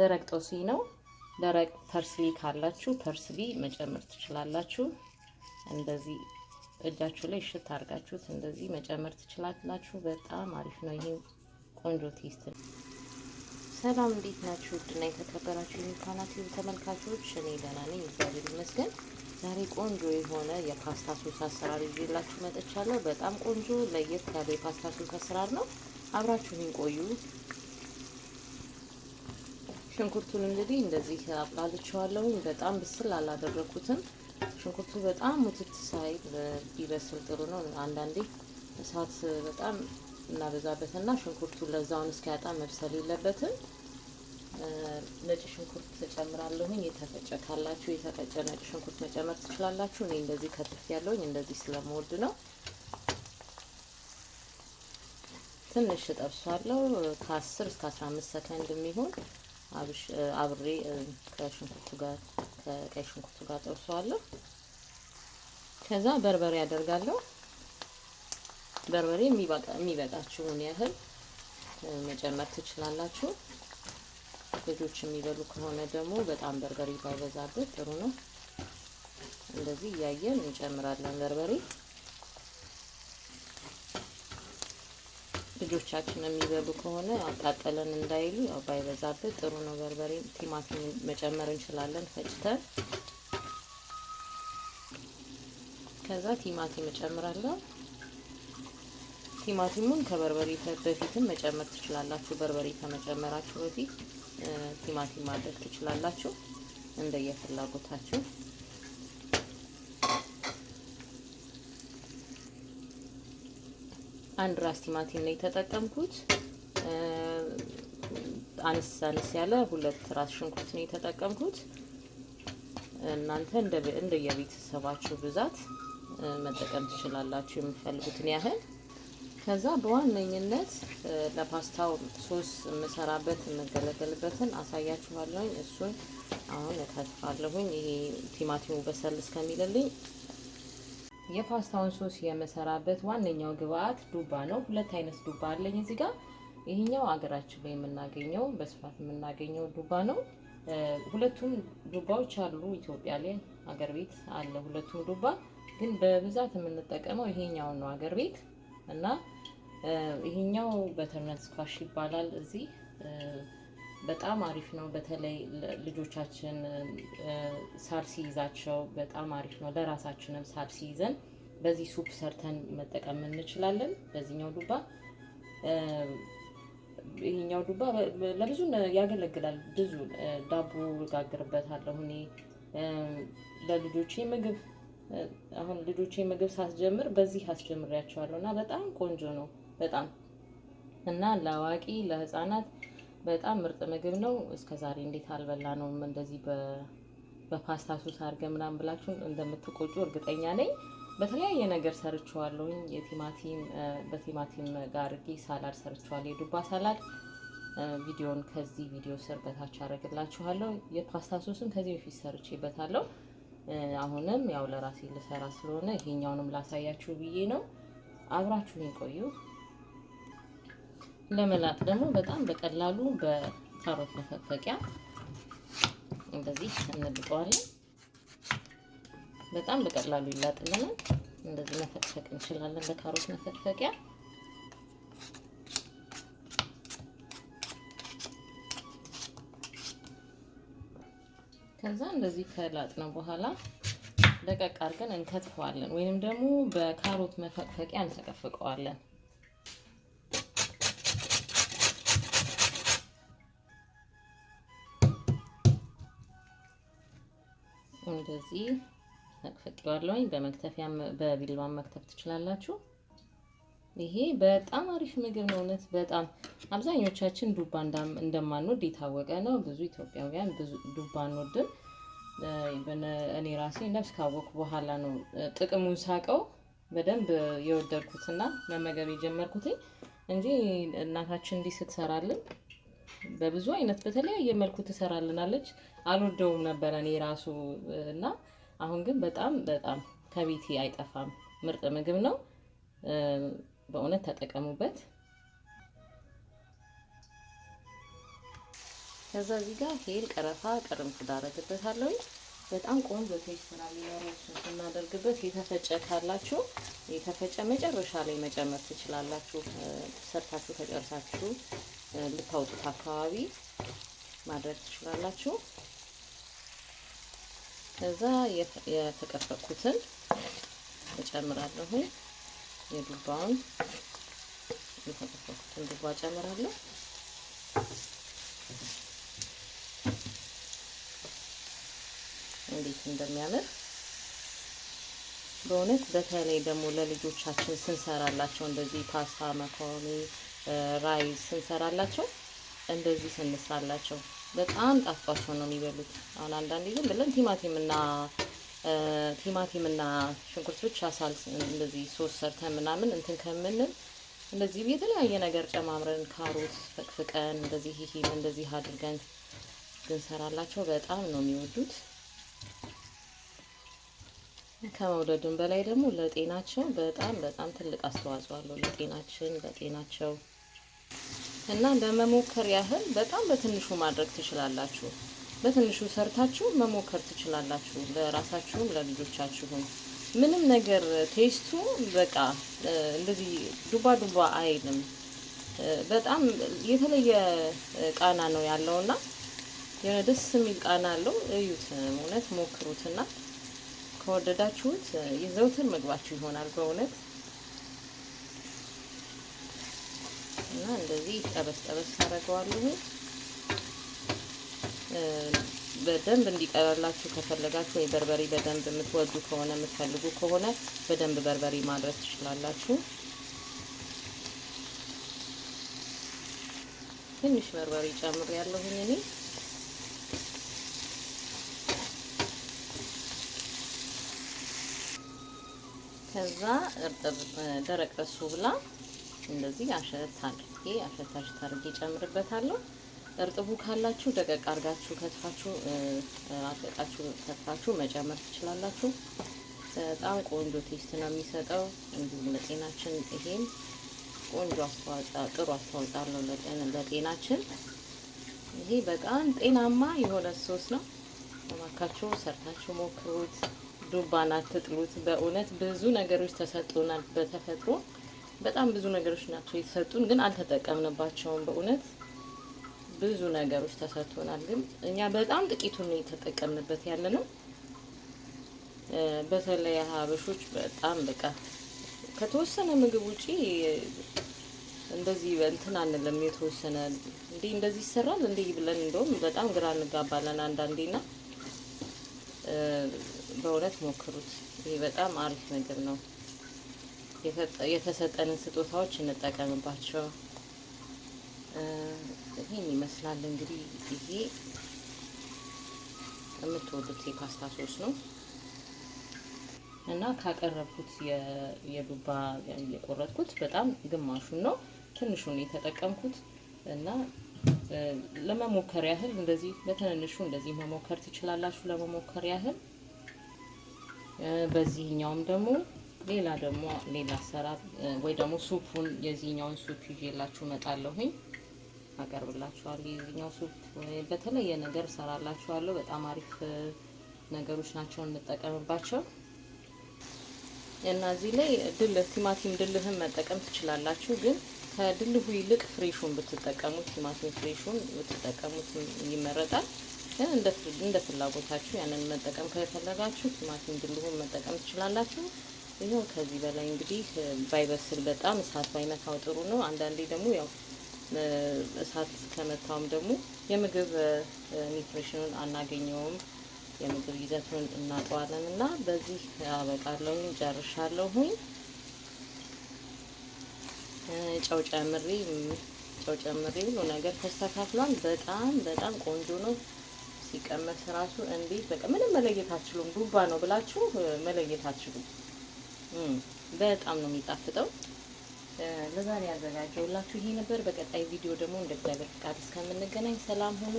ደረቅ ጦሲ ነው። ደረቅ ፐርስሊ ካላችሁ ፐርስሊ መጨመር ትችላላችሁ። እንደዚህ እጃችሁ ላይ እሽት አድርጋችሁት እንደዚህ መጨመር ትችላላችሁ። በጣም አሪፍ ነው። ይሄ ቆንጆ ቴስት ነው። ሰላም፣ እንዴት ናችሁ? ውድና የተከበራችሁ የሚካናት ተመልካቾች፣ እኔ ደህና ነኝ፣ እግዚአብሔር ይመስገን። ዛሬ ቆንጆ የሆነ የፓስታ ሶስ አሰራር ይዤላችሁ መጥቻለሁ። በጣም ቆንጆ ለየት ያለ የፓስታ ሶስ አሰራር ነው። አብራችሁን ቆዩ። ሽንኩርቱን እንግዲህ እንደዚህ አብላልቸዋለሁ። በጣም ብስል አላደረኩትም። ሽንኩርቱ በጣም ሙትት ሳይ ቢበስል ጥሩ ነው። አንዳንዴ እሳት በጣም እናበዛበትና ሽንኩርቱ ለዛውን እስኪያጣ መብሰል የለበትም። ነጭ ሽንኩርት ተጨምራለሁኝ። የተፈጨ ካላችሁ የተፈጨ ነጭ ሽንኩርት መጨመር ትችላላችሁ። እኔ እንደዚህ ከትፍ ያለውኝ እንደዚህ ስለምወድ ነው። ትንሽ እጠብሷለሁ ከአስር እስከ አስራ አምስት ሰከንድ የሚሆን አብሬ ከሽንኩርቱ ጋር ከቀይ ሽንኩርቱ ጋር ጠብሰዋለሁ። ከዛ በርበሬ አደርጋለሁ። በርበሬ የሚበቃችሁን ያህል መጨመር ትችላላችሁ። ልጆች የሚበሉ ከሆነ ደግሞ በጣም በርበሬ ባይበዛበት ጥሩ ነው። እንደዚህ እያየን እንጨምራለን በርበሬ ልጆቻችን የሚበሉ ከሆነ አቃጠለን እንዳይሉ ያው ባይበዛበት ጥሩ ነው። በርበሬ ቲማቲም መጨመር እንችላለን ፈጭተን። ከዛ ቲማቲም እጨምራለሁ። ቲማቲሙን ከበርበሬ በፊትም መጨመር ትችላላችሁ። በርበሬ ከመጨመራችሁ በፊት ቲማቲም ማድረግ ትችላላችሁ እንደየፍላጎታችሁ። አንድ ራስ ቲማቲም ነው የተጠቀምኩት። አነስ አነስ ያለ ሁለት ራስ ሽንኩርት ነው የተጠቀምኩት። እናንተ እንደ የቤተሰባችሁ ብዛት መጠቀም ትችላላችሁ የምትፈልጉትን ያህል። ከዛ በዋነኝነት ለፓስታው ሶስ የምሰራበት የምገለገልበትን አሳያችኋለሁኝ። እሱን አሁን እከትፋለሁኝ። ይሄ ቲማቲሙ በሰል እስከሚልልኝ የፓስታውን ሶስ የምሰራበት ዋነኛው ግብአት ዱባ ነው። ሁለት አይነት ዱባ አለኝ እዚህ ጋር። ይህኛው አገራችን ላይ የምናገኘው በስፋት የምናገኘው ዱባ ነው። ሁለቱም ዱባዎች አሉ ኢትዮጵያ ላይ አገር ቤት አለ። ሁለቱም ዱባ ግን በብዛት የምንጠቀመው ይሄኛውን ነው አገር ቤት እና ይሄኛው በተርነት ስኳሽ ይባላል እዚህ በጣም አሪፍ ነው። በተለይ ልጆቻችን ሳር ሲይዛቸው በጣም አሪፍ ነው። ለራሳችንም ሳር ሲይዘን በዚህ ሱፕ ሰርተን መጠቀም እንችላለን። በዚህኛው ዱባ ይህኛው ዱባ ለብዙ ያገለግላል። ብዙ ዳቦ ጋግርበታለሁ እኔ ለልጆቼ ምግብ አሁን ልጆቼ ምግብ ሳስጀምር በዚህ አስጀምሬያቸዋለሁ እና በጣም ቆንጆ ነው። በጣም እና ለአዋቂ ለህፃናት በጣም ምርጥ ምግብ ነው። እስከ ዛሬ እንዴት አልበላ ነውም እንደዚህ በፓስታ ሱስ አድርገን ምናምን ብላችሁ እንደምትቆጩ እርግጠኛ ነኝ። በተለያየ ነገር ሰርቸዋለሁኝ። የቲማቲም በቲማቲም ጋር ጌ ሳላድ ሰርቸዋለሁ፣ የዱባ ሳላድ። ቪዲዮን ከዚህ ቪዲዮ ስር በታች አደረግላችኋለሁ። የፓስታ ሱስን ከዚህ በፊት ሰርቼበታለሁ። አሁንም ያው ለራሴ ልሰራ ስለሆነ ይሄኛውንም ላሳያችሁ ብዬ ነው። አብራችሁን ቆዩ። ለመላጥ ደግሞ በጣም በቀላሉ በካሮት መፈቅፈቂያ እንደዚህ እንልጠዋለን። በጣም በቀላሉ ይላጥልናል። እንደዚህ መፈቅፈቅ እንችላለን በካሮት መፈቅፈቂያ። ከዛ እንደዚህ ከላጥነው በኋላ ደቀቅ አድርገን እንከትፈዋለን፣ ወይንም ደግሞ በካሮት መፈቅፈቂያ እንፈቀፍቀዋለን። እንደዚህ ፈቅፍቄዋለሁኝ። በመክተፊያ በቢልባ መክተፍ ትችላላችሁ። ይሄ በጣም አሪፍ ምግብ ነው። እውነት በጣም አብዛኞቻችን ዱባ እንዳም እንደማንወድ የታወቀ ነው። ብዙ ኢትዮጵያውያን ብዙ ዱባ አንወድም። እኔ ራሴ ነፍስ ካወቅኩ በኋላ ነው ጥቅሙን ሳቀው በደንብ የወደድኩትና መመገብ የጀመርኩትኝ እንጂ እናታችን እንዲህ ስትሰራልን በብዙ አይነት በተለያየ መልኩ ትሰራልናለች። አልወደውም ነበረ እኔ ራሱ እና አሁን ግን በጣም በጣም ከቤቴ አይጠፋም። ምርጥ ምግብ ነው። በእውነት ተጠቀሙበት። ከዛ እዚህ ጋር ሄል ቀረፋ ቅርም ትዳረግበታለሁ። በጣም ቆንጆ ቴስት ስለሚኖረው እሱን ስናደርግበት የተፈጨ ካላችሁ የተፈጨ መጨረሻ ላይ መጨመር ትችላላችሁ። ሰርታችሁ ተጨርሳችሁ ልታወጡት አካባቢ ማድረግ ትችላላችሁ። ከዛ የተቀፈቁትን እጨምራለሁ። የዱባውን የተቀፈቁትን ዱባ እጨምራለሁ። እንዴት እንደሚያምር በእውነት በተለይ ደግሞ ለልጆቻችን ስንሰራላቸው እንደዚህ ፓስታ፣ መኮሮኒ ራይ ስንሰራላቸው እንደዚህ ስንሰራላቸው በጣም ጣፍጧቸው ነው የሚበሉት። አሁን አንዳንዴ ግን ብለን ቲማቲምና ቲማቲምና ሽንኩርት ብቻ ሳል እንደዚህ ሶስ ሰርተን ምናምን እንትን ከምንል እንደዚህ የተለያየ ነገር ጨማምረን ካሮት ፈቅፍቀን እንደዚህ ይሄ እንደዚህ አድርገን ስንሰራላቸው በጣም ነው የሚወዱት። ከመውደዱም በላይ ደግሞ ለጤናቸው በጣም በጣም ትልቅ አስተዋጽኦ አለው። ለጤናችን ለጤናቸው እና ለመሞከር ያህል በጣም በትንሹ ማድረግ ትችላላችሁ። በትንሹ ሰርታችሁ መሞከር ትችላላችሁ፣ ለራሳችሁም ለልጆቻችሁም። ምንም ነገር ቴስቱ በቃ እንደዚህ ዱባ ዱባ አይልም። በጣም የተለየ ቃና ነው ያለውና የሆነ ደስ የሚል ቃና አለው። እዩት፣ እውነት ሞክሩትና ከወደዳችሁት የዘውትር ምግባችሁ ይሆናል በእውነት እና እንደዚህ ጠበስ ጠበስ ታደርገዋለሁ። በደንብ እንዲቀላላችሁ ከፈለጋችሁ ወይ በርበሬ በደንብ የምትወዱ ከሆነ የምትፈልጉ ከሆነ በደንብ በርበሬ ማድረግ ትችላላችሁ። ትንሽ በርበሬ ጨምር ያለሁኝ እኔ ከዛ ደረቅ ረሱ ብላ እንደዚህ አሸት አድርጌ አሸት አሸት አድርጌ ጨምርበታለሁ። እርጥቡ ካላችሁ ደቀቅ አርጋችሁ ከትፋችሁ አጥቃችሁ ከትፋችሁ መጨመር ትችላላችሁ። በጣም ቆንጆ ቴስት ነው የሚሰጠው። እንዲሁም ለጤናችን ይሄም ቆንጆ አስተዋጽኦ ጥሩ አስተዋጽኦ አለው ለጤናችን። ይሄ በጣም ጤናማ የሆነ ሶስ ነው። እባካችሁ ሰርታችሁ ሞክሩት። ዱባን አትጥሉት። በእውነት ብዙ ነገሮች ተሰጥቶናል በተፈጥሮ በጣም ብዙ ነገሮች ናቸው የተሰጡን፣ ግን አልተጠቀምንባቸውም። በእውነት ብዙ ነገሮች ተሰጥቶናል፣ ግን እኛ በጣም ጥቂቱን ነው የተጠቀምንበት ያለ ነው። በተለይ ሀበሾች በጣም በቃ ከተወሰነ ምግብ ውጪ እንደዚህ እንትን አንለም። የተወሰነ እንዲህ እንደዚህ ይሰራል እንዲህ ብለን እንደውም በጣም ግራ እንጋባለን አንዳንዴ። ና በእውነት ሞክሩት። ይሄ በጣም አሪፍ ነገር ነው። የተሰጠንን ስጦታዎች እንጠቀምባቸው። ይህን ይመስላል እንግዲህ ይሄ የምትወዱት የፓስታ ሶስ ነው እና ካቀረብኩት የዱባ የቆረጥኩት በጣም ግማሹን ነው ትንሹን የተጠቀምኩት እና ለመሞከር ያህል እንደዚህ በትንንሹ እንደዚህ መሞከር ትችላላችሁ። ለመሞከር ያህል በዚህኛውም ደግሞ ሌላ ደግሞ ሌላ አሰራር ወይ ደግሞ ሱፑን የዚህኛውን ሱፕ ይዤላችሁ እመጣለሁኝ አቀርብላችኋለሁ። የዚህኛው ሱፕ በተለየ ነገር እሰራላችኋለሁ። በጣም አሪፍ ነገሮች ናቸው እንጠቀምባቸው እና እዚህ ላይ ድልህ ቲማቲም ድልህን መጠቀም ትችላላችሁ ግን ከድልሁ ይልቅ ፍሬሹን ብትጠቀሙ ቲማቲም ፍሬሹን ብትጠቀሙት ይመረጣል። ግን እንደ ፍላጎታችሁ ያንን መጠቀም ከፈለጋችሁ ቲማቲም ድልሁን መጠቀም ትችላላችሁ። ይኸው ከዚህ በላይ እንግዲህ ባይበስል በጣም እሳት ባይመታው ጥሩ ነው። አንዳንዴ ደግሞ ያው እሳት ከመታውም ደግሞ የምግብ ኒትሪሽኑን አናገኘውም፣ የምግብ ይዘቱን እናጠዋለን እና በዚህ አበቃለሁኝ፣ ጨርሻለሁኝ። ጨው ጨምሬ ጨው ጨምሬ ሁሉ ነገር ተስተካክሏል። በጣም በጣም ቆንጆ ነው። ሲቀመስ ራሱ እንዴት በቃ ምንም መለየት አትችሉም። ዱባ ነው ብላችሁ መለየት አትችሉም። በጣም ነው የሚጣፍጠው። ለዛሬ ያዘጋጀውላችሁ ይሄ ነበር። በቀጣይ ቪዲዮ ደግሞ እንደ እግዚአብሔር ፍቃድ እስከምንገናኝ ሰላም ሁኑ፣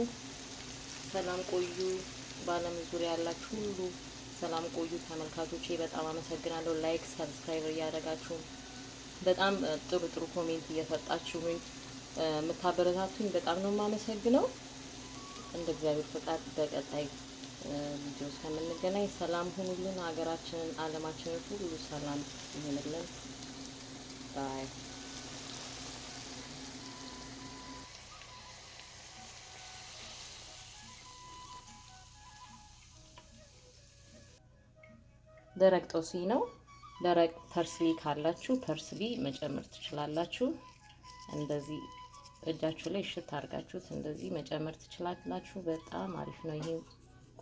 ሰላም ቆዩ። በዓለም ዙሪያ ያላችሁ ሁሉ ሰላም ቆዩ። ተመልካቾቼ በጣም አመሰግናለሁ። ላይክ፣ ሰብስክራይብ እያደረጋችሁ በጣም ጥሩ ጥሩ ኮሜንት እየሰጣችሁኝ የምታበረታቱኝ በጣም ነው የማመሰግነው። እንደ እግዚአብሔር ፈቃድ በቀጣይ ቪዲዮ እስከምንገናኝ ሰላም ሁኑልን። ሀገራችንን፣ አለማችንን ሁሉ ሰላም ይሁንልን። ባይ ደረቅ ጦስኝ ነው። ደረቅ ፐርስቢ ካላችሁ ፐርስሊ መጨመር ትችላላችሁ። እንደዚህ እጃችሁ ላይ እሽት አድርጋችሁት እንደዚህ መጨመር ትችላላችሁ። በጣም አሪፍ ነው ይሄ።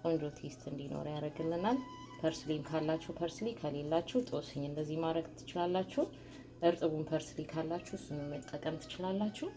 ቆንጆ ቴስት እንዲኖር ያደርግልናል። ፐርስሊም ካላችሁ ፐርስሊ፣ ከሌላችሁ ጦስኝ እንደዚህ ማድረግ ትችላላችሁ። እርጥቡን ፐርስሊ ካላችሁ እሱን መጠቀም ትችላላችሁ።